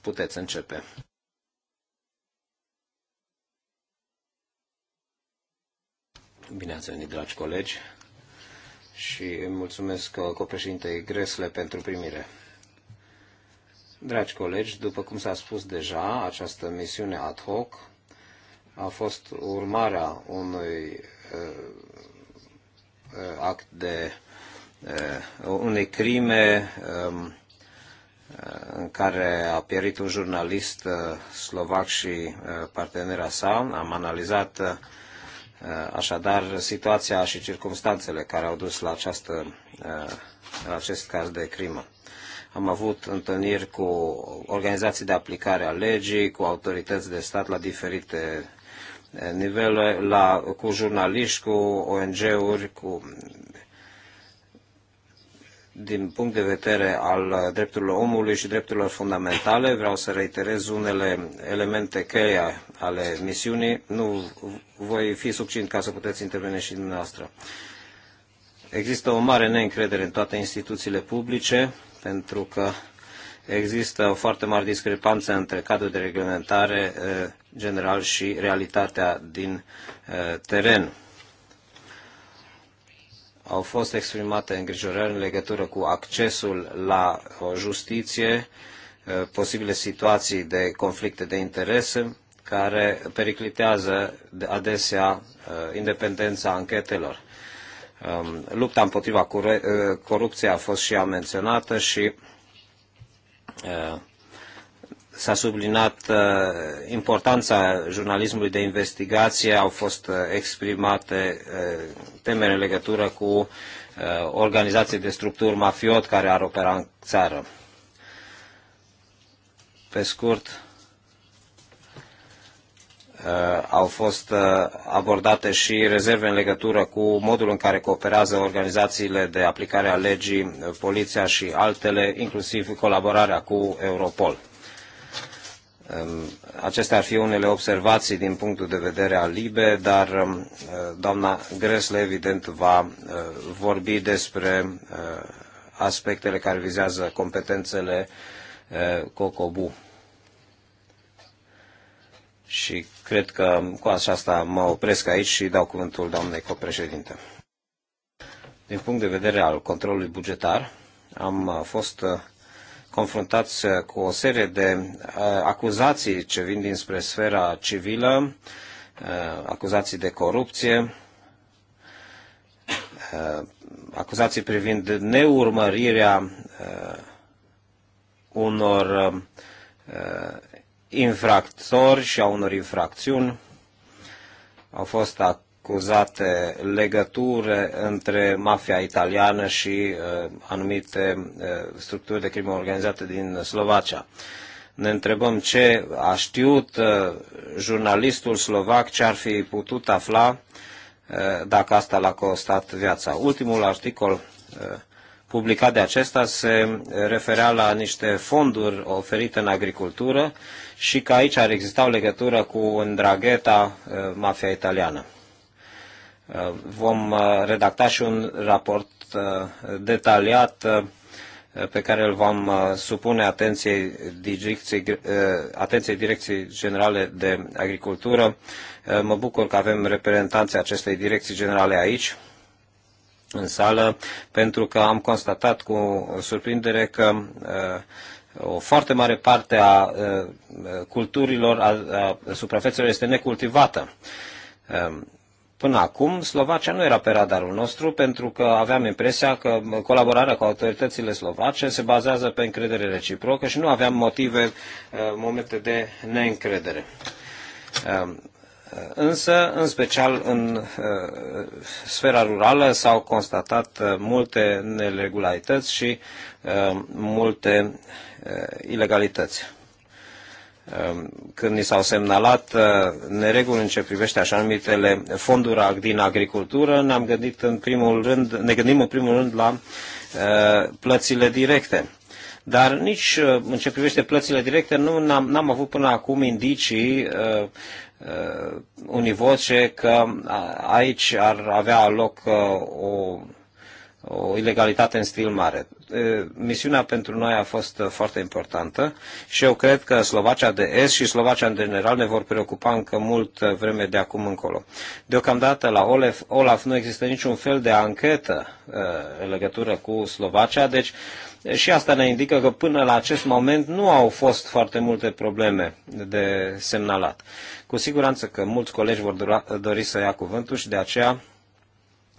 puteți începe. Bine ați venit, dragi colegi, și îi mulțumesc copreșintei Gresle pentru primire. Dragi colegi, după cum s-a spus deja, această misiune ad hoc a fost urmarea unui uh, uh act de uh, unei crime um, în care a pierit un jurnalist uh, slovac și uh, partenera sa. Am analizat uh, așadar situația și circumstanțele care au dus la, această, la acest caz de crimă. Am avut întâlniri cu organizații de aplicare a legii, cu autorități de stat la diferite nivele, la, cu jurnaliști, cu ONG-uri, cu din punct de vedere al drepturilor omului și drepturilor fundamentale. Vreau să reiterez unele elemente cheia ale misiunii. Nu voi fi succint ca să puteți interveni și dumneavoastră. Există o mare neîncredere în toate instituțiile publice, pentru că există o foarte mare discrepanță între cadrul de reglementare eh, general și realitatea din eh, teren. Au fost exprimate îngrijorări în legătură cu accesul la uh, justiție, uh, posibile situații de conflicte de interese care periclitează adesea uh, independența anchetelor. Um, lupta împotriva corupției a fost și ea menționată și s-a subliniat uh, importanța jurnalismului de investigație, au fost uh, exprimate uh, temere în legătură cu organizații de structuri mafiot care ar opera în țară. Pe scurt, au fost abordate și rezerve în legătură cu modul în care cooperează organizațiile de aplicare a legii, poliția și altele, inclusiv colaborarea cu Europol. Acestea ar fi unele observații din punctul de vedere al LIBE, dar doamna Gresle evident va eh, vorbi despre eh, aspectele care vizează competențele eh, COCOBU. Și cred că cu aceasta mă opresc aici și dau cuvântul doamnei copreședinte. Din punct de vedere al controlului bugetar, am fost confruntați uh, cu o serie de uh, acuzații ce vin dinspre sfera civilă, uh, acuzații de corupție, acuzații privind neurmărirea unor infractori și a unor infracțiuni. Au fost acuzate legăture între mafia italiană și uh, anumite uh, structuri de crimă organizată din Slovacia. Ne întrebăm ce a știut uh, jurnalistul slovac, ce ar fi putut afla dacă asta l-a costat viața. Ultimul articol publicat de acesta se referea la niște fonduri oferite în agricultură și că aici ar exista o legătură cu îndragheta mafia italiană. Uh, vom uh, redacta și un raport uh, detaliat pe care îl vom supune atenției direcției, atenției direcției generale de agricultură. Mă bucur că avem reprezentanții acestei direcții generale aici în sală, pentru că am constatat cu surprindere că o foarte mare parte a culturilor, a, a suprafețelor este necultivată. Până acum, Slovacia nu era pe radarul nostru pentru că aveam impresia că colaborarea cu autoritățile slovace se bazează pe încredere reciprocă și nu aveam motive, uh, momente de neîncredere. Um, uh, însă, în special în uh, sfera rurală, s-au constatat multe neregularități și multe ilegalități. Ehm, când ni s-au semnalat eh, nereguli în ce privește așa numitele fonduri din agricultură, ne-am gândit în primul rând, ne gândim în primul rând la eh, plățile directe. Dar nici eh, în ce privește plățile directe nu n-am, avut până acum indicii uh, uh, univoce că aici ar avea loc uh, o o ilegalitate în stil mare. Misiunea pentru noi a fost uh, foarte importantă și eu cred că Slovacia de Est și Slovacia în general ne vor preocupa încă mult uh, vreme de acum încolo. Deocamdată la Olaf, Olaf nu există niciun fel de anchetă uh, în legătură cu Slovacia, deci și asta ne indică că până la acest moment nu au fost foarte multe probleme de semnalat. Cu siguranță că mulți colegi vor dori să ia cuvântul și de aceea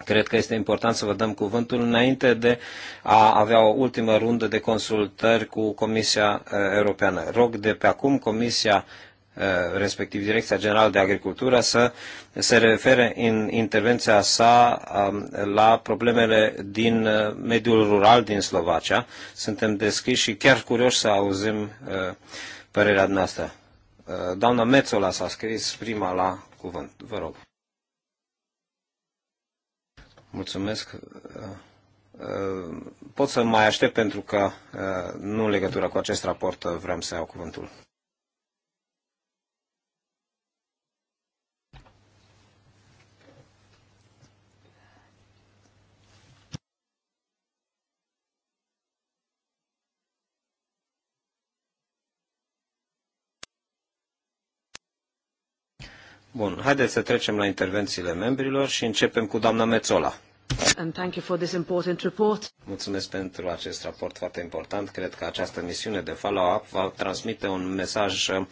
Cred că este important să vă dăm cuvântul înainte de a avea o ultimă rundă de consultări cu Comisia uh, Europeană. Rog de pe acum Comisia uh, respectiv Direcția Generală de Agricultură, să se refere în intervenția sa um, la problemele din uh, mediul rural din Slovacia. Suntem deschiși și chiar curioși să auzim părerea noastră. Doamna Mețola s-a scris prima la cuvânt. Vă rog. Mulțumesc. Uh, uh, pot să mai aștept pentru că uh, nu în legătură cu acest raport vreau să iau cuvântul. Bun, haideți să trecem la intervențiile membrilor și începem cu doamna Mețola. And thank you for this important report. Mulțumesc pentru acest raport foarte important. Cred că această misiune de follow-up va transmite un mesaj uh,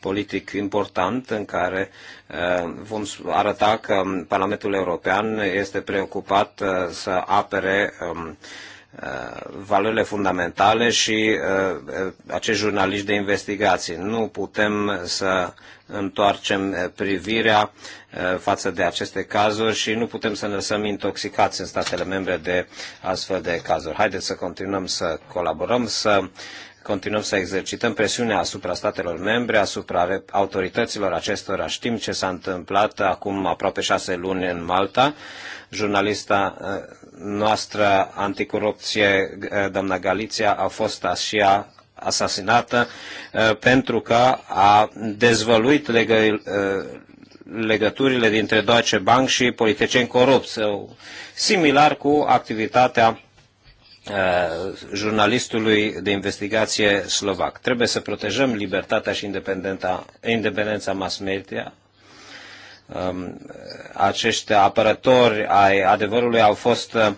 politic important în care uh, vom arăta că Parlamentul European este preocupat uh, să apere um, Uh, valorile fundamentale și uh, uh, acești jurnaliști de investigații. Nu putem să întoarcem privirea față de aceste cazuri și nu putem să ne lăsăm intoxicați în statele membre de astfel de cazuri. Haideți să continuăm să colaborăm, să continuăm să exercităm presiunea asupra statelor membre, asupra autorităților acestora. Știm ce s-a întâmplat acum aproape șase luni în Malta. Jurnalista uh, noastră anticorupție, uh, doamna Galiția, a fost și ea asasinată uh, pentru că a dezvăluit legă, legăturile dintre Deutsche Bank și politicieni corupți, similar cu activitatea Uh, jurnalistului de investigație slovac. Trebuie să protejăm libertatea și independența mass media. Um, acești apărători ai adevărului au fost uh,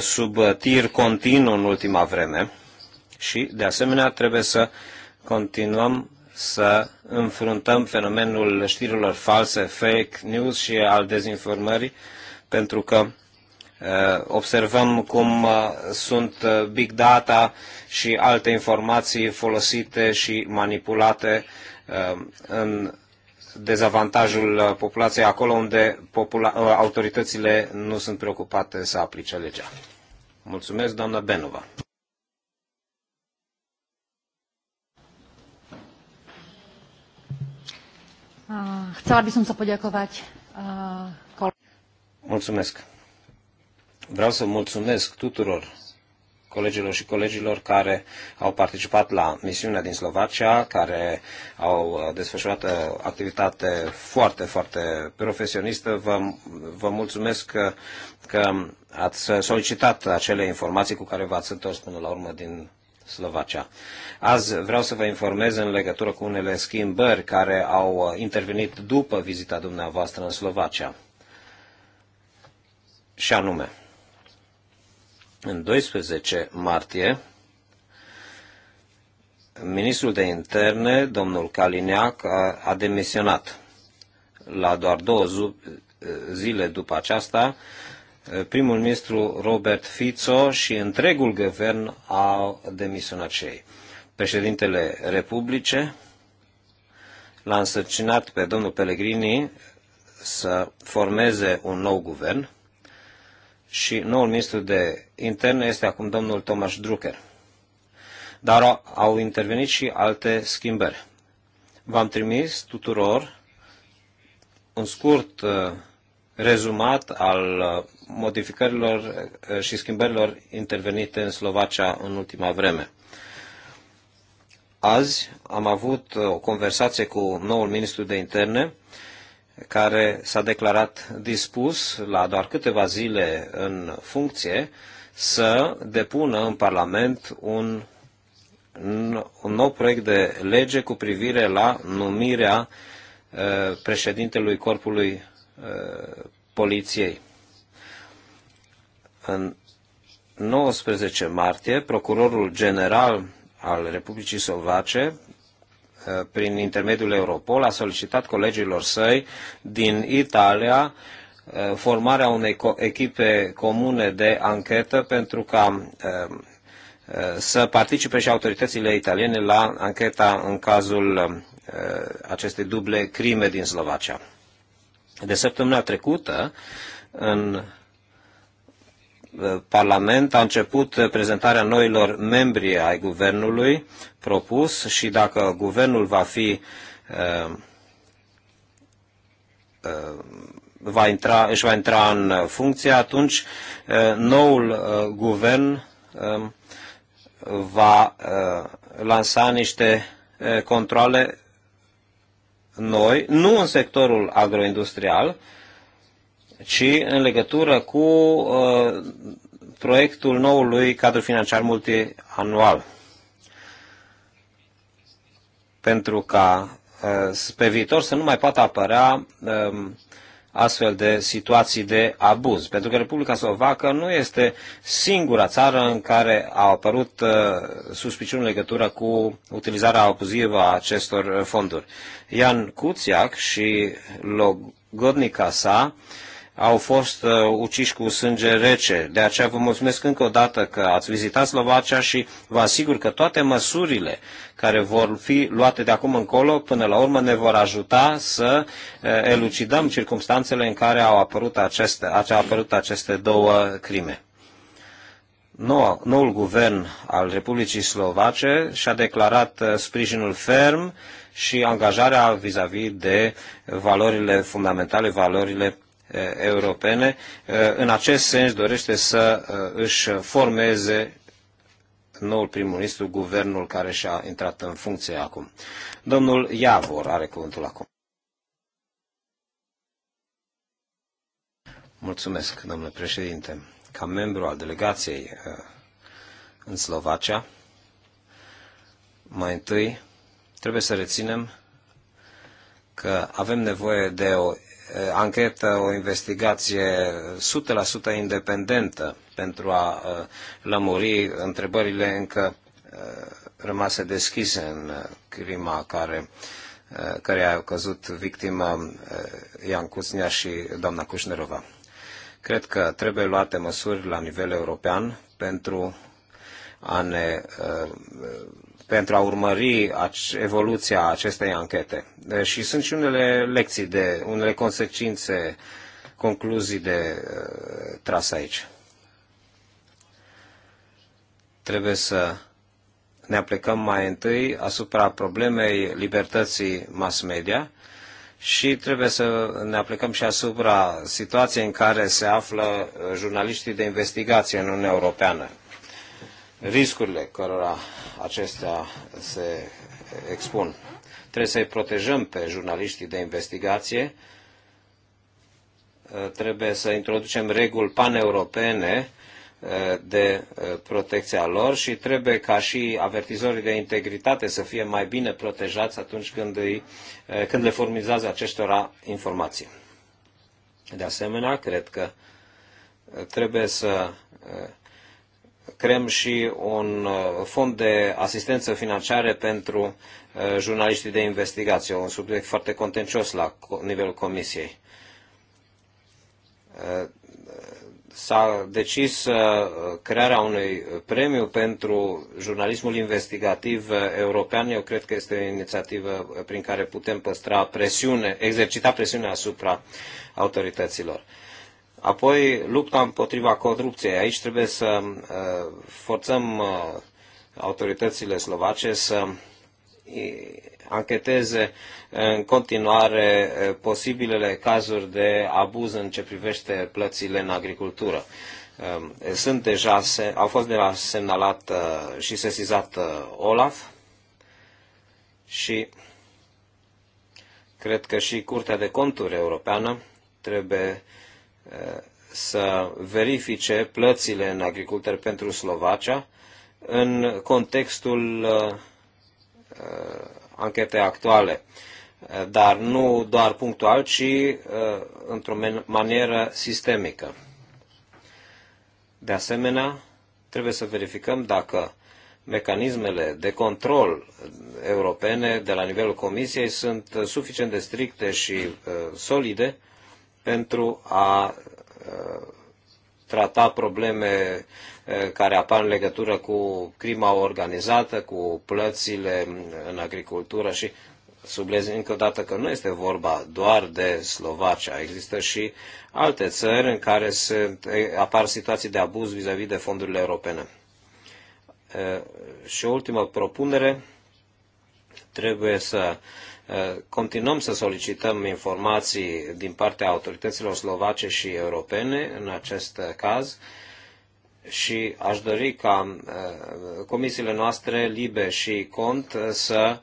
sub tir continuu în ultima vreme și, de asemenea, trebuie să continuăm să înfruntăm fenomenul știrilor false, fake news și al dezinformării, pentru că Eh, observăm cum eh, sunt eh, big data și alte informații folosite și manipulate în dezavantajul populației acolo unde popula- autoritățile nu sunt preocupate să aplice legea. Mulțumesc, doamna Benova. Chcela by som sa poďakovať. Mulțumesc. Vreau să mulțumesc tuturor colegilor și colegilor care au participat la misiunea din Slovacia, care au uh, desfășurat uh, activitate foarte, foarte profesionistă. Vă, vă mulțumesc că, că ați solicitat acele informații cu care v-ați întors până la urmă din Slovacia. Azi vreau să vă informez în legătură cu unele schimbări care au uh, intervenit după vizita dumneavoastră în Slovacia. Și anume, în 12 martie, ministrul de interne, domnul Calineac, a, a demisionat. La doar două zile după aceasta, primul ministru Robert Fico și întregul guvern au demisionat cei. Președintele Republice l-a însărcinat pe domnul Pellegrini să formeze un nou guvern – și noul ministru de interne este acum domnul Tomaș Drucker. Dar au intervenit și alte schimbări. V-am trimis tuturor un scurt uh, rezumat al uh, modificărilor uh, și schimbărilor intervenite în Slovacia în ultima vreme. Azi am avut o conversație cu noul ministru de interne care s-a declarat dispus la doar câteva zile în funcție să depună în Parlament un, un nou proiect de lege cu privire la numirea uh, președintelui Corpului uh, Poliției. În 19 martie, procurorul general al Republicii Slovace Eh, prin intermediul Europol, a solicitat colegilor săi din Italia eh, formarea unei echipe comune de anchetă pentru ca eh, să participe și autoritățile italiene la ancheta în cazul acestei duble crime din Slovacia. De săptămâna trecută, în Parlament a început prezentarea noilor membri ai guvernului propus și dacă guvernul va fi uh, uh, va intra, își va intra în funcție, atunci uh, noul guvern um, va lansa niște controle noi, nu în sectorul agroindustrial, ci în legătură cu uh, proiectul noului cadru financiar multianual. Pentru ca uh, pe viitor să nu mai poată apărea uh, astfel de situații de abuz. Pentru că Republica Slovacă nu este singura țară în care au apărut uh, suspiciuni în legătură cu utilizarea abuzivă a acestor fonduri. Ian Kuciak și Logodnica sa uh, au fost uh, uciși cu sânge rece. De aceea vă mulțumesc încă o dată că ați vizitat Slovacia și vă asigur că toate măsurile care vor fi luate de acum încolo, până la urmă ne vor ajuta să uh, elucidăm circumstanțele în care au apărut aceste, au apărut aceste două crime. Noua, noul guvern al Republicii Slovace și-a declarat uh, sprijinul ferm și angajarea vis-a-vis -vis de valorile fundamentale, valorile Eh, europene, eh, în acest sens dorește să eh, își formeze noul prim-ministru, guvernul care și-a intrat în funcție acum. Domnul Iavor are cuvântul acum. Mulțumesc, domnule președinte. Ca membru al delegației în Slovacia, mai întâi trebuie să reținem că avem nevoie de o Eh, anchetă, o investigație 100% independentă pentru a eh, lămuri întrebările încă eh, rămase deschise în crima care, care a căzut victima Ian Cuțnea și doamna Cușnerova. Cred că trebuie luate măsuri la nivel european pentru a ne, ă, pentru a urmări evoluția acestei anchete. Deci, și sunt și unele lecții, de, unele consecințe, concluzii de ă, tras aici. Trebuie să ne aplicăm mai întâi asupra problemei libertății mass media și trebuie să ne aplicăm și asupra situației în care se află ă, jurnaliștii de investigație în Uniunea Europeană riscurile cărora acestea se expun. Trebuie să-i protejăm pe jurnaliștii de investigație, trebuie să introducem reguli paneuropene eh, de eh, protecția lor și trebuie ca și avertizorii de integritate să fie mai bine protejați atunci când, îi, eh, când le furnizează acestora informații. De asemenea, cred că trebuie să creăm și un uh, fond de asistență financiară pentru uh, jurnaliștii de investigație, un subiect foarte contencios la nivelul comisiei. Uh, s-a decis crearea unui premiu pentru jurnalismul investigativ european. Eu cred că este o inițiativă prin care putem păstra presiune, exercita presiune asupra autorităților. Apoi, lupta împotriva corupției. Aici trebuie să uh, forțăm uh, autoritățile slovace să ancheteze uh, în continuare posibilele cazuri de abuz în ce privește plățile în agricultură. Sunt deja, au fost deja semnalat și sesizat Olaf și cred că și Curtea de Conturi Europeană trebuie să verifice plățile în agricultori pentru Slovacia în contextul uh, uh, anchetei actuale, dar nu doar punctual, ci uh, într-o manieră sistemică. De asemenea, trebuie să verificăm dacă mecanismele de control europene de la nivelul Comisiei sunt suficient de stricte și solide pentru a uh, trata probleme uh, care apar în legătură cu crima organizată, cu plățile mm, în agricultură și sublez încă o dată că nu este vorba doar de Slovacia, există și alte țări în care se, apar situații de abuz vis-a-vis -vis de fondurile europene. Uh, și o ultimă propunere Trebuie să uh, continuăm să solicităm informații din partea autorităților slovace și europene în acest caz și aș dori ca uh, comisiile noastre, LIBE și CONT, uh, să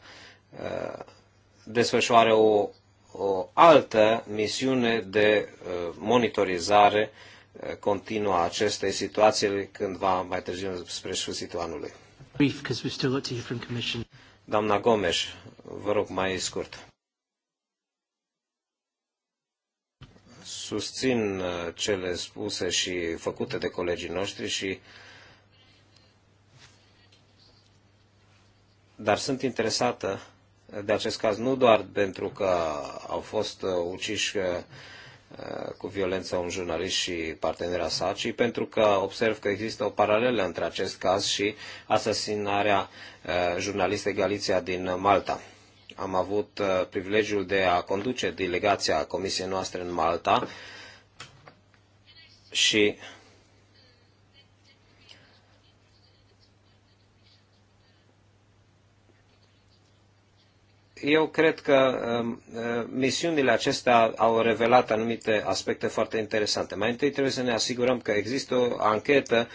desfășoare o, o altă misiune de monitorizare continuă a acestei situații va mai târziu spre sfârșitul anului. Brief, Doamna Gomes, vă rog mai scurt. Susțin uh, cele spuse și făcute de colegii noștri și dar sunt interesată de acest caz nu doar pentru că au fost uh, uciși uh, Uh, cu violența un jurnalist și partenera sa, ci pentru că observ că există o paralelă între acest caz și asasinarea uh, jurnalistei Galiția din Malta. Am avut uh, privilegiul de a conduce delegația comisiei noastre în Malta și eu cred că um, uh, misiunile acestea au revelat anumite aspecte foarte interesante. Mai întâi trebuie să ne asigurăm că există o anchetă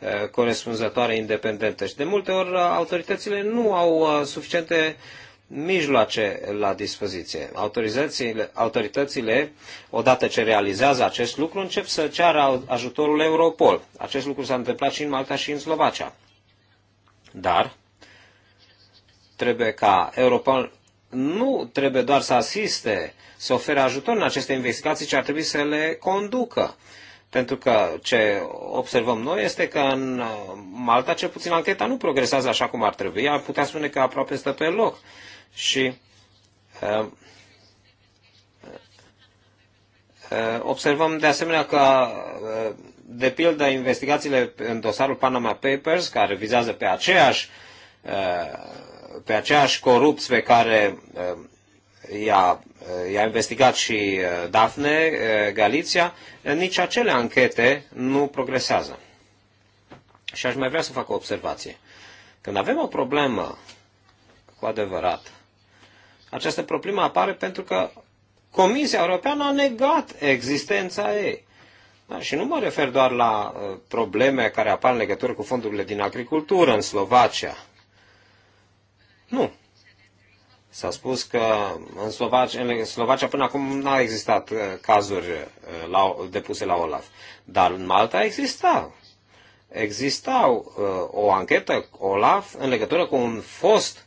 uh, corespunzătoare independentă și de multe ori uh, autoritățile nu au suficiente mijloace la dispoziție. Autorizațiile, autoritățile, odată ce realizează acest lucru, încep să ceară ajutorul Europol. Acest lucru s-a întâmplat și în Malta și în Slovacia. Dar trebuie ca Europol nu trebuie doar să asiste, să ofere ajutor în aceste investigații, ci ar trebui să le conducă. Pentru că ce observăm noi este că în uh, Malta, cel puțin, ancheta nu progresează așa cum ar trebui. Ar putea spune că aproape stă pe loc. Și uh, uh, observăm de asemenea că, uh, de pildă, investigațiile în dosarul Panama Papers, care vizează pe aceeași uh, pe aceeași corupți pe care uh, i-a, uh, i-a investigat și uh, Dafne Galiția, nici acele anchete nu progresează. Și aș mai vrea să fac o observație. Când avem o problemă cu adevărat, această problemă apare pentru că Comisia Europeană a negat existența ei. Da, și nu mă refer doar la probleme care apar în legătură cu fondurile din agricultură în Slovacia, nu. S-a spus că în Slovacia, în Slovacia până acum n-au existat uh, cazuri uh, la, depuse la OLAF, dar în Malta exista. Existau uh, o anchetă OLAF în legătură cu un fost,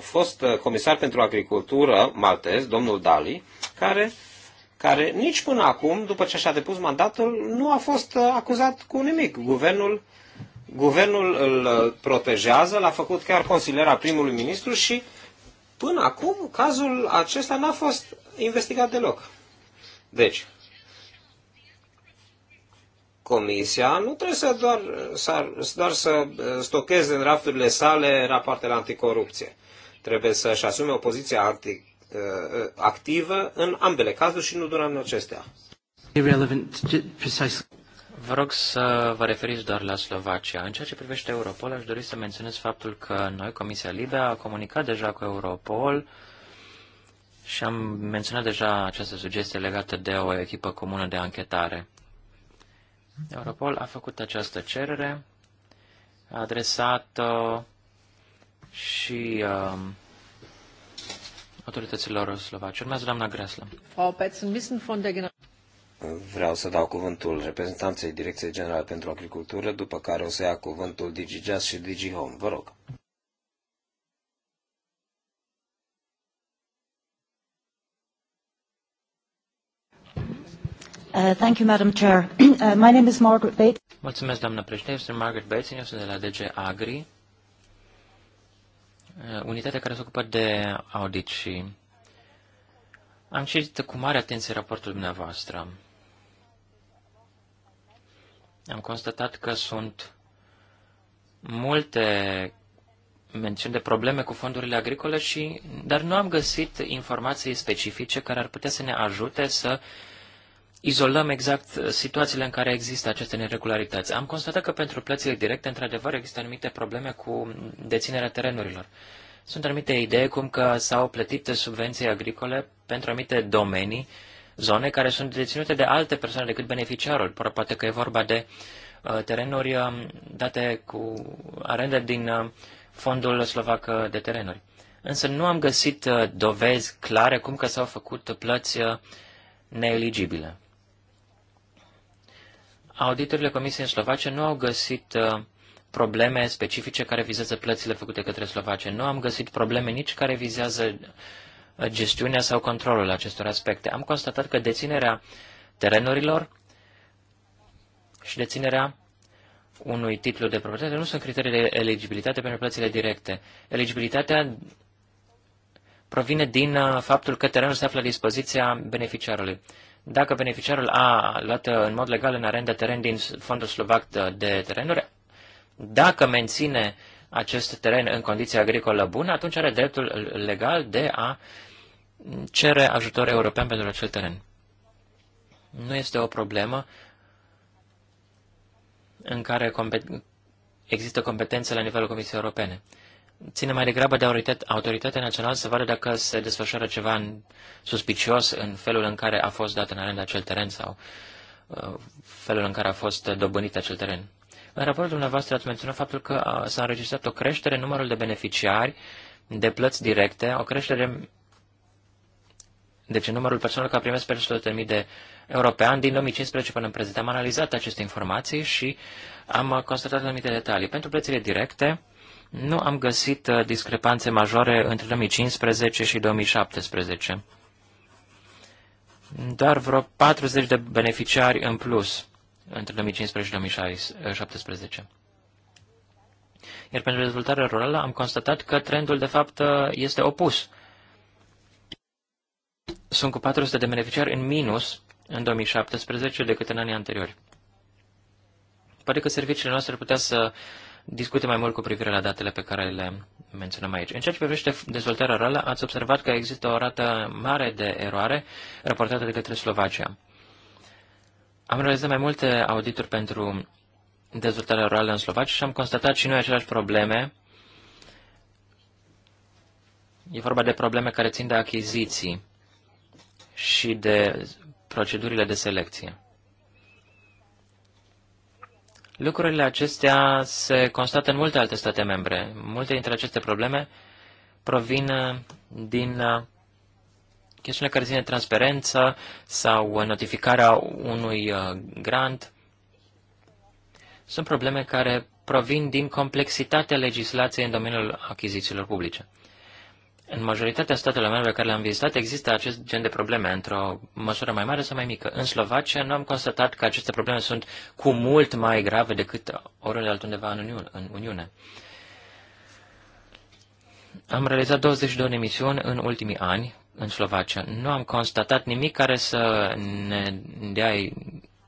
fost comisar pentru agricultură maltez, domnul Dali, care care nici până acum, după ce și-a depus mandatul, nu a fost acuzat cu nimic. Guvernul Guvernul îl uh, protejează, l-a făcut chiar consiliera primului ministru și până acum cazul acesta n-a fost investigat deloc. Deci, Comisia nu trebuie să doar, să, doar să uh, stocheze în rafturile sale rapoartele anticorupție. Trebuie să-și asume o poziție anti, uh, activă în ambele cazuri și nu doar în acestea. Irrelevant, precisely. Vă rog să vă referiți doar la Slovacia. În ceea ce privește Europol, aș dori să menționez faptul că noi, Comisia Libe, a comunicat deja cu Europol și am menționat deja această sugestie legată de o echipă comună de anchetare. Europol a făcut această cerere, a adresat și uh, autorităților slovace. Urmează doamna Greslă vreau să dau cuvântul reprezentanței Direcției Generale pentru Agricultură, după care o să ia cuvântul DigiJazz și DigiHome. Vă rog. Uh, thank you, Madam Chair. Uh, my name is Margaret Bates. Mulțumesc, doamnă președinte. Sunt Margaret Bates, eu sunt de la DG Agri, uh, unitatea care se ocupă de audit și am citit cu mare atenție raportul dumneavoastră am constatat că sunt multe mențiuni de probleme cu fondurile agricole, și, dar nu am găsit informații specifice care ar putea să ne ajute să izolăm exact situațiile în care există aceste neregularități. Am constatat că pentru plățile directe, într-adevăr, există anumite probleme cu deținerea terenurilor. Sunt anumite idei cum că s-au plătit subvenții agricole pentru anumite domenii zone care sunt deținute de alte persoane decât beneficiarul. Poate că e vorba de uh, terenuri um, date cu arende din uh, fondul slovac uh, de terenuri. Însă nu am găsit dovezi clare cum că s-au făcut plăți neeligibile. Auditorile Comisiei în Slovace nu au găsit probleme specifice care vizează plățile făcute către Slovace. Nu am găsit probleme nici care vizează gestiunea sau controlul acestor aspecte. Am constatat că deținerea terenurilor și deținerea unui titlu de proprietate nu sunt criterii de eligibilitate pentru plățile directe. Eligibilitatea provine din uh, faptul că terenul se află la dispoziția beneficiarului. Dacă beneficiarul a luat uh, în mod legal în arendă teren din fondul slovac uh, de terenuri, dacă menține acest teren în condiții agricolă bună, atunci are dreptul legal de a cere ajutor european pentru acel teren. Nu este o problemă în care compet- există competențe la nivelul Comisiei Europene. Ține mai degrabă de autoritatea națională să vadă dacă se desfășoară ceva în, suspicios în felul în care a fost dat în arendă acel teren sau uh, felul în care a fost dobândit acel teren. În raportul dumneavoastră ați menționat faptul că uh, s-a înregistrat o creștere în numărul de beneficiari de plăți directe, o creștere deci numărul persoanelor care primesc peste 100.000 de euro pe an din 2015 până în prezent. Am analizat aceste informații și am constatat anumite detalii. Pentru plățile directe, nu am găsit uh, discrepanțe majore între 2015 și 2017. Doar vreo 40 de beneficiari în plus între 2015 și 2017. Iar pentru dezvoltarea rurală am constatat că trendul, de fapt, uh, este opus sunt cu 400 de beneficiari în minus în 2017 decât în anii anteriori. Poate că serviciile noastre ar putea să discute mai mult cu privire la datele pe care le menționăm aici. În ceea ce privește dezvoltarea rurală, ați observat că există o rată mare de eroare raportată de către Slovacia. Am realizat mai multe audituri pentru dezvoltarea rurală în Slovacia și am constatat și noi aceleași probleme. E vorba de probleme care țin de achiziții și de procedurile de selecție. Lucrurile acestea se constată în multe alte state membre. Multe dintre aceste probleme provin uh, din uh, chestiunea care ține transparență sau uh, notificarea unui grant. Sunt probleme care provin din complexitatea legislației în domeniul achizițiilor publice. În majoritatea statelor membre care le-am vizitat există acest gen de probleme, într-o măsură mai mare sau mai mică. În Slovacia nu am constatat că aceste probleme sunt cu mult mai grave decât oriunde altundeva în Uniune. În Uniune. Am realizat 22 de misiuni în ultimii ani în Slovacia. Nu am constatat nimic care să ne dea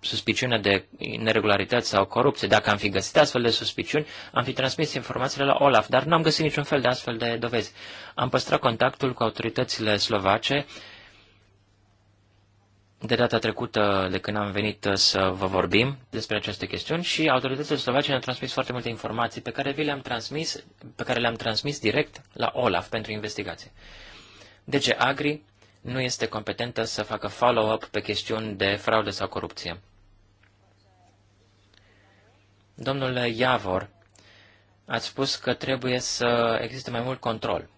suspiciune de neregularități sau corupție. Dacă am fi găsit astfel de suspiciuni, am fi transmis informațiile la Olaf, dar n-am găsit niciun fel de astfel de dovezi. Am păstrat contactul cu autoritățile slovace de data trecută, de când am venit să vă vorbim despre aceste chestiuni și autoritățile slovace ne-au transmis foarte multe informații pe care vi le-am transmis, pe care le-am transmis direct la Olaf pentru investigație. DG deci, Agri nu este competentă să facă follow-up pe chestiuni de fraudă sau corupție. Domnul Iavor, ați spus că trebuie să existe mai mult control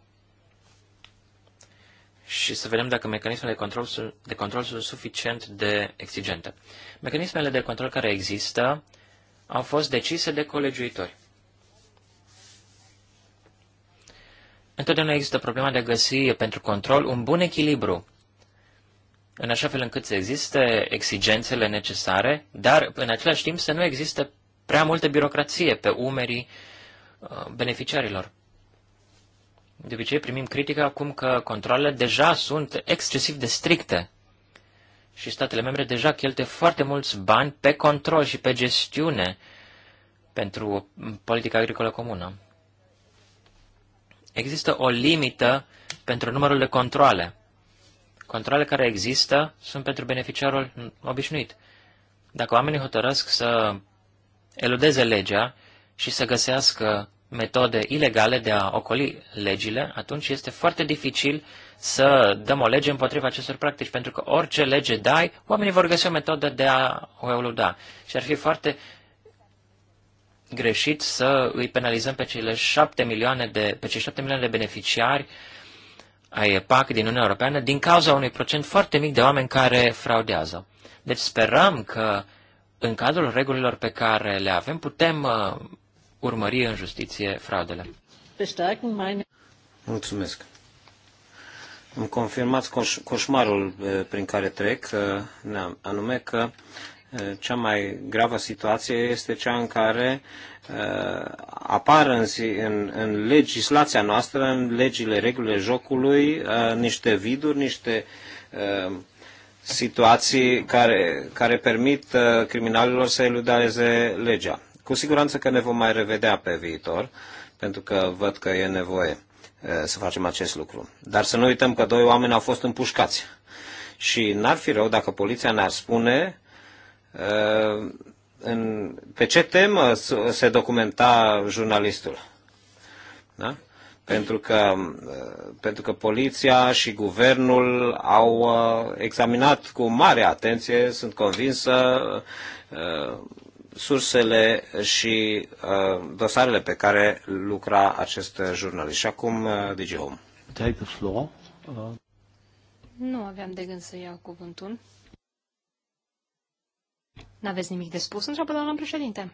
și să vedem dacă mecanismele de control, sunt, de control sunt suficient de exigente. Mecanismele de control care există au fost decise de colegiuitori. Întotdeauna există problema de a găsi pentru control un bun echilibru, în așa fel încât să existe exigențele necesare, dar în același timp să nu existe prea multă birocrație pe umerii uh, beneficiarilor. De obicei primim critica acum că controlele deja sunt excesiv de stricte și statele membre deja cheltuie foarte mulți bani pe control și pe gestiune pentru politica agricolă comună. Există o limită pentru numărul de controle. Controlele care există sunt pentru beneficiarul obișnuit. Dacă oamenii hotărăsc să eludeze legea și să găsească metode ilegale de a ocoli legile, atunci este foarte dificil să dăm o lege împotriva acestor practici, pentru că orice lege dai, oamenii vor găsi o metodă de a o eluda. Și ar fi foarte greșit să îi penalizăm pe, cele șapte milioane de, pe cei șapte milioane de beneficiari ai PAC din Uniunea Europeană din cauza unui procent foarte mic de oameni care fraudează. Deci sperăm că în cadrul regulilor pe care le avem, putem uh, urmări în justiție fraudele. Mulțumesc. Îmi confirmați coș- coșmarul uh, prin care trec, uh, da, anume că cea mai gravă situație este cea în care uh, apar în, în, în legislația noastră, în legile, regulile jocului, uh, niște viduri, niște uh, situații care, care permit uh, criminalilor să eludeze legea. Cu siguranță că ne vom mai revedea pe viitor, pentru că văd că e nevoie uh, să facem acest lucru. Dar să nu uităm că doi oameni au fost împușcați. Și n-ar fi rău dacă poliția ne-ar spune uh, în, pe ce temă se documenta jurnalistul. Da? pentru că, pentru că poliția și guvernul au uh, examinat cu mare atenție, sunt convinsă, uh, sursele și uh, dosarele pe care lucra acest jurnalist. Și acum, DigiHome. Take the floor. Nu aveam de gând să iau cuvântul. N-aveți nimic de spus? Întreabă doamna președinte.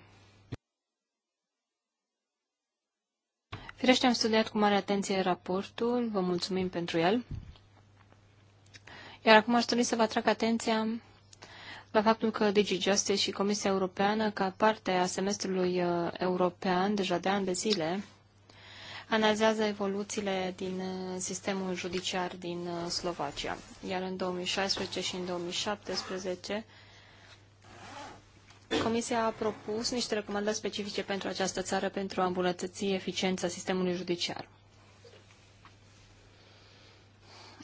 Firește, am studiat cu mare atenție raportul, vă mulțumim pentru el. Iar acum aș dori să vă atrag atenția la faptul că Digi Justice și Comisia Europeană, ca parte a semestrului uh, european, deja de ani de zile, analizează evoluțiile din uh, sistemul judiciar din uh, Slovacia. Iar în 2016 și în 2017 Comisia a propus niște recomandări specifice pentru această țară pentru a îmbunătăți eficiența sistemului judiciar.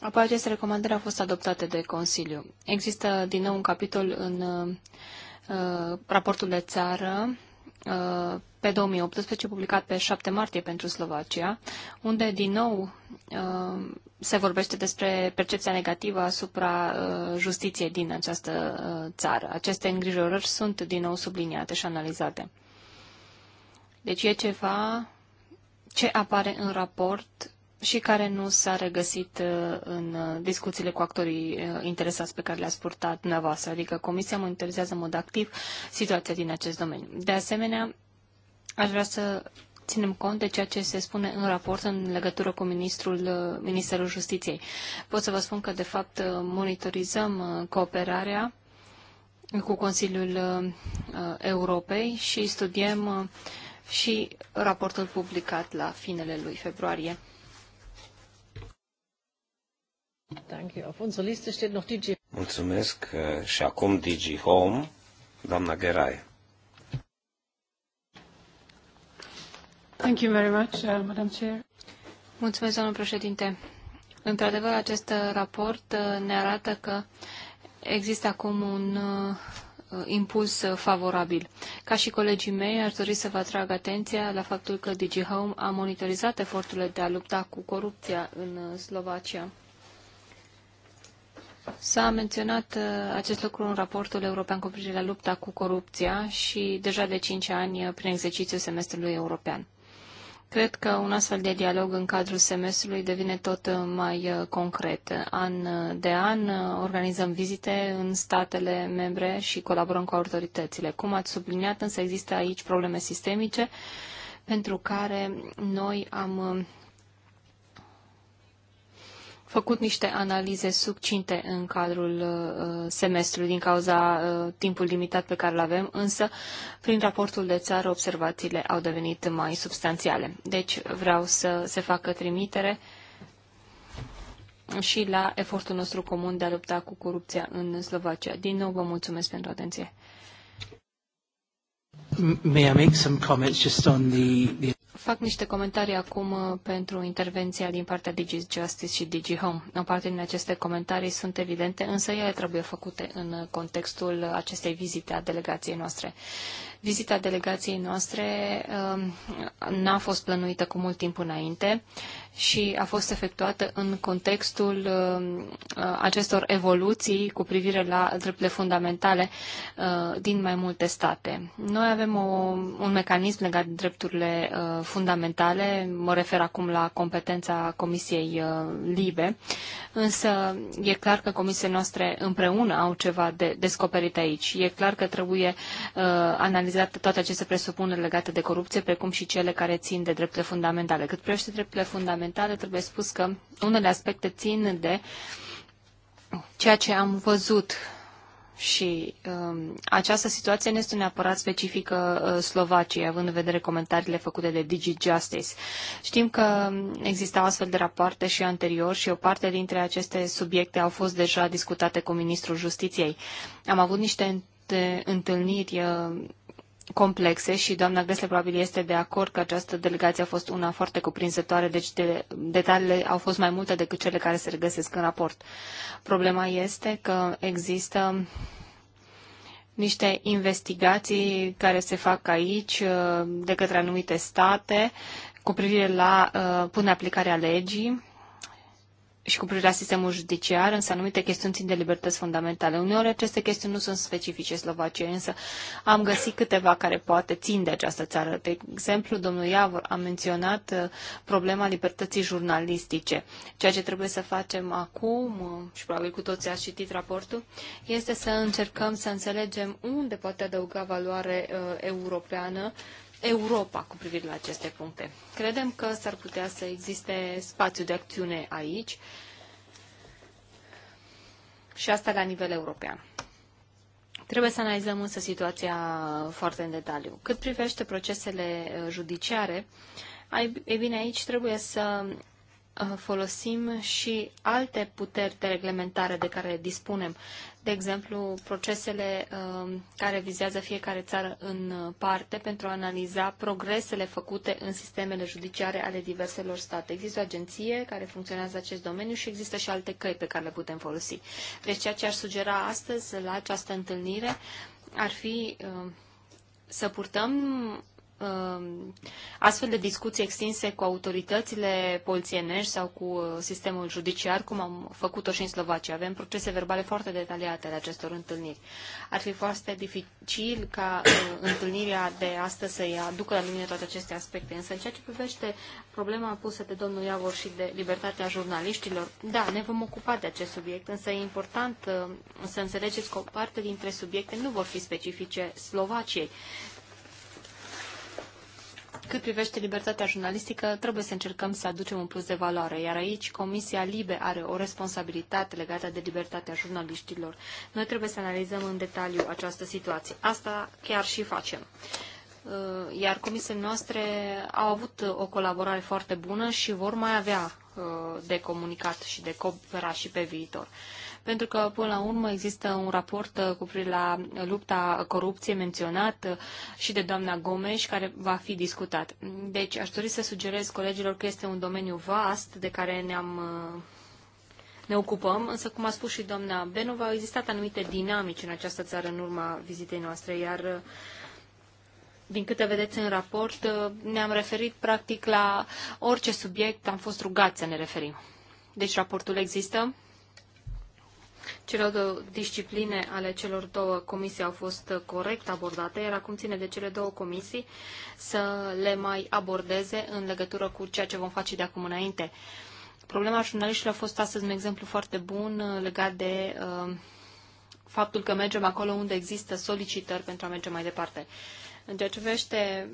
Apoi aceste recomandări au fost adoptate de Consiliu. Există din nou un capitol în uh, raportul de țară Uh, pe 2018, publicat pe 7 martie pentru Slovacia, unde din nou uh, se vorbește despre percepția negativă asupra uh, justiției din această țară. Aceste îngrijorări sunt din nou subliniate și analizate. Deci e ceva ce apare în raport și care nu s-a regăsit uh, în uh, discuțiile cu actorii uh, interesați pe care le-ați purtat dumneavoastră, adică Comisia monitorizează în mod activ situația din acest domeniu. De asemenea, aș vrea să ținem cont de ceea ce se spune în raport în legătură cu ministrul, Ministerul Justiției. Pot să vă spun că, de fapt, monitorizăm cooperarea cu Consiliul Europei și studiem și raportul publicat la finele lui februarie. Mulțumesc eh, și acum Digi Home, doamna Gerai. Thank you very much, uh, Madam Chair. Mulțumesc, doamnă președinte. Într-adevăr, acest uh, raport uh, ne arată că există acum un impuls favorabil. Ca și colegii mei, aș dori să vă atrag atenția la faptul că DigiHome a monitorizat eforturile de a lupta cu corupția în Slovacia. S-a menționat uh, acest lucru în raportul european cu privire la lupta cu corupția și deja de 5 ani uh, prin exercițiul semestrului european. Cred că un astfel de dialog în cadrul semestrului devine tot uh, mai concret. An de an organizăm vizite în statele membre și colaborăm cu autoritățile. Cum ați subliniat, însă există aici probleme sistemice pentru care noi am făcut niște analize subcinte în cadrul uh, semestrului din cauza uh, timpul limitat pe care îl avem, însă prin raportul de țară observațiile au devenit mai substanțiale. Deci vreau să se facă trimitere și la efortul nostru comun de a lupta cu corupția în Slovacia. Din nou vă mulțumesc pentru atenție. May I make some comments just on the, the... Fac niște comentarii acum uh, pentru intervenția din partea Digi Justice și Digi Home. O parte din aceste comentarii sunt evidente, însă ele trebuie făcute în contextul acestei vizite a delegației noastre. Vizita delegației noastre um, n-a fost plănuită cu mult timp înainte și a fost efectuată în contextul um, acestor evoluții cu privire la drepturile fundamentale uh, din mai multe state. Noi avem o, un mecanism legat de drepturile uh, fundamentale, mă refer acum la competența Comisiei uh, Libe, însă e clar că comisiile noastre împreună au ceva de descoperit aici. E clar că trebuie analizat analizat toate aceste presupuneri legate de corupție, precum și cele care țin de drepturile fundamentale. Cât privește drepturile fundamentale, trebuie spus că unele aspecte țin de ceea ce am văzut și um, această situație nu este neapărat specifică uh, Slovaciei, având în vedere comentariile făcute de Digi Justice. Știm că existau astfel de rapoarte și anterior și o parte dintre aceste subiecte au fost deja discutate cu Ministrul Justiției. Am avut niște întâlniri uh, complexe și doamna Gresle probabil este de acord că această delegație a fost una foarte cuprinzătoare, deci de, detaliile au fost mai multe decât cele care se regăsesc în raport. Problema este că există niște investigații care se fac aici uh, de către anumite state cu privire la uh, punerea aplicare a legii și cu privire la sistemul judiciar, însă anumite chestiuni țin de libertăți fundamentale. Uneori aceste chestiuni nu sunt specifice Slovaciei, însă am găsit câteva care poate țin de această țară. De exemplu, domnul Iavor a menționat uh, problema libertății jurnalistice. Ceea ce trebuie să facem acum, uh, și probabil cu toții ați citit raportul, este să încercăm să înțelegem unde poate adăuga valoare uh, europeană Europa cu privire la aceste puncte. Credem că s-ar putea să existe spațiu de acțiune aici și asta la nivel european. Trebuie să analizăm însă situația foarte în detaliu. Cât privește procesele eh, judiciare, ei bine, aici trebuie să Uh, folosim și alte puteri de reglementare de care dispunem. De exemplu, procesele uh, care vizează fiecare țară în parte pentru a analiza progresele făcute în sistemele judiciare ale diverselor state. Există o agenție care funcționează acest domeniu și există și alte căi pe care le putem folosi. Deci ceea ce aș sugera astăzi la această întâlnire ar fi uh, să purtăm Um, astfel de discuții extinse cu autoritățile polițienești sau cu uh, sistemul judiciar, cum am făcut-o și în Slovacia. Avem procese verbale foarte detaliate ale acestor întâlniri. Ar fi foarte dificil ca uh, întâlnirea de astăzi să-i aducă la lumină toate aceste aspecte. Însă, în ceea ce privește problema pusă de domnul Iavor și de libertatea jurnaliștilor, da, ne vom ocupa de acest subiect, însă e important uh, să înțelegeți că o parte dintre subiecte nu vor fi specifice Slovaciei, cât privește libertatea jurnalistică, trebuie să încercăm să aducem un plus de valoare, iar aici Comisia Libe are o responsabilitate legată de libertatea jurnaliștilor. Noi trebuie să analizăm în detaliu această situație. Asta chiar și facem uh, iar comisiile noastre au avut o colaborare foarte bună și vor mai avea uh, de comunicat și de cooperat și pe viitor pentru că până la urmă există un raport uh, cu privire la lupta corupției menționat uh, și de doamna Gomes, care va fi discutat. Deci aș dori să sugerez colegilor că este un domeniu vast de care ne-am uh, ne ocupăm, însă, cum a spus și doamna Benova, au existat anumite dinamici în această țară în urma vizitei noastre, iar din câte vedeți în raport, ne-am referit practic la orice subiect am fost rugați să ne referim. Deci raportul există, cele două discipline ale celor două comisii au fost uh, corect abordate, iar acum ține de cele două comisii să le mai abordeze în legătură cu ceea ce vom face de acum înainte. Problema jurnaliștilor a fost astăzi un exemplu foarte bun uh, legat de uh, faptul că mergem acolo unde există solicitări pentru a merge mai departe. În ceea ce privește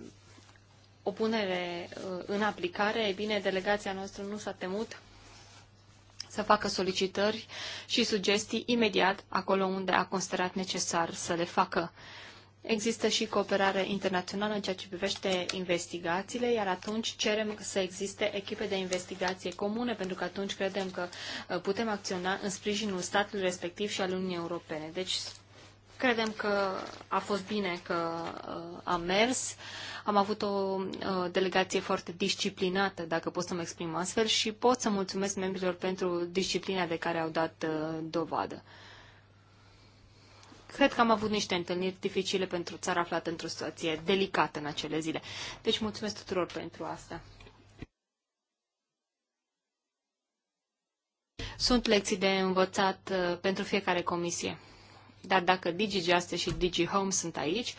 o punere uh, în aplicare, e bine, delegația noastră nu s-a temut să facă solicitări și sugestii imediat acolo unde a considerat necesar să le facă. Există și cooperare internațională în ceea ce privește investigațiile, iar atunci cerem să existe echipe de investigație comune, pentru că atunci credem că uh, putem acționa în sprijinul statului respectiv și al Uniunii Europene. Deci Credem că a fost bine că uh, a mers. Am avut o uh, delegație foarte disciplinată, dacă pot să mă exprim astfel, și pot să mulțumesc membrilor pentru disciplina de care au dat uh, dovadă. Cred că am avut niște întâlniri dificile pentru țara aflată într-o situație delicată în acele zile. Deci mulțumesc tuturor pentru asta. Sunt lecții de învățat pentru fiecare comisie. Dar dacă DigiJustice și DigiHome sunt aici,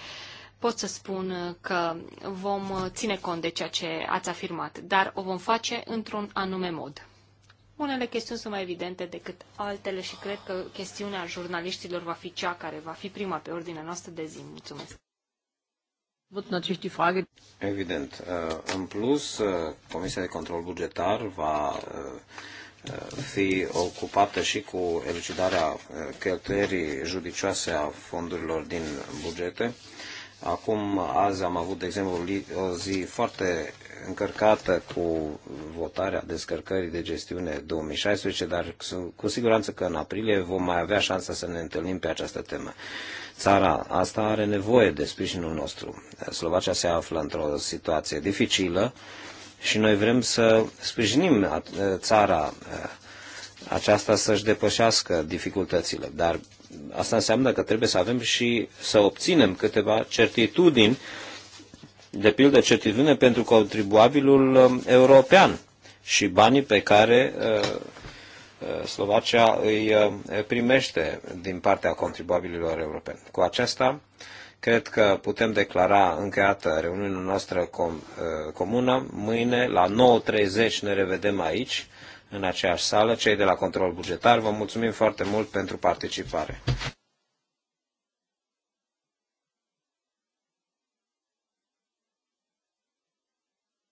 pot să spun că vom ține cont de ceea ce ați afirmat, dar o vom face într-un anume mod. Unele chestiuni sunt mai evidente decât altele și cred că chestiunea jurnaliștilor va fi cea care va fi prima pe ordinea noastră de zi. Mulțumesc! Evident. În plus, Comisia de Control Bugetar va fi ocupată și cu elucidarea uh, cheltuierii judicioase a fondurilor din bugete. Acum, azi am avut, de exemplu, o zi foarte încărcată cu votarea descărcării de gestiune 2016, dar cu siguranță că în aprilie vom mai avea șansa să ne întâlnim pe această temă. Țara asta are nevoie de sprijinul nostru. Slovacia se află într-o situație dificilă și noi vrem să sprijinim țara eh, aceasta să-și depășească dificultățile. Dar asta înseamnă că trebuie să avem și să obținem câteva certitudini, de pildă certitudine pentru contribuabilul eh, european și banii pe care eh, Slovacia îi primește din partea contribuabililor europeni. Cu aceasta Cred că putem declara încheiată reuniunea noastră com- uh, comună. Mâine la 9.30 ne revedem aici, în aceeași sală, cei de la control bugetar. Vă mulțumim foarte mult pentru participare.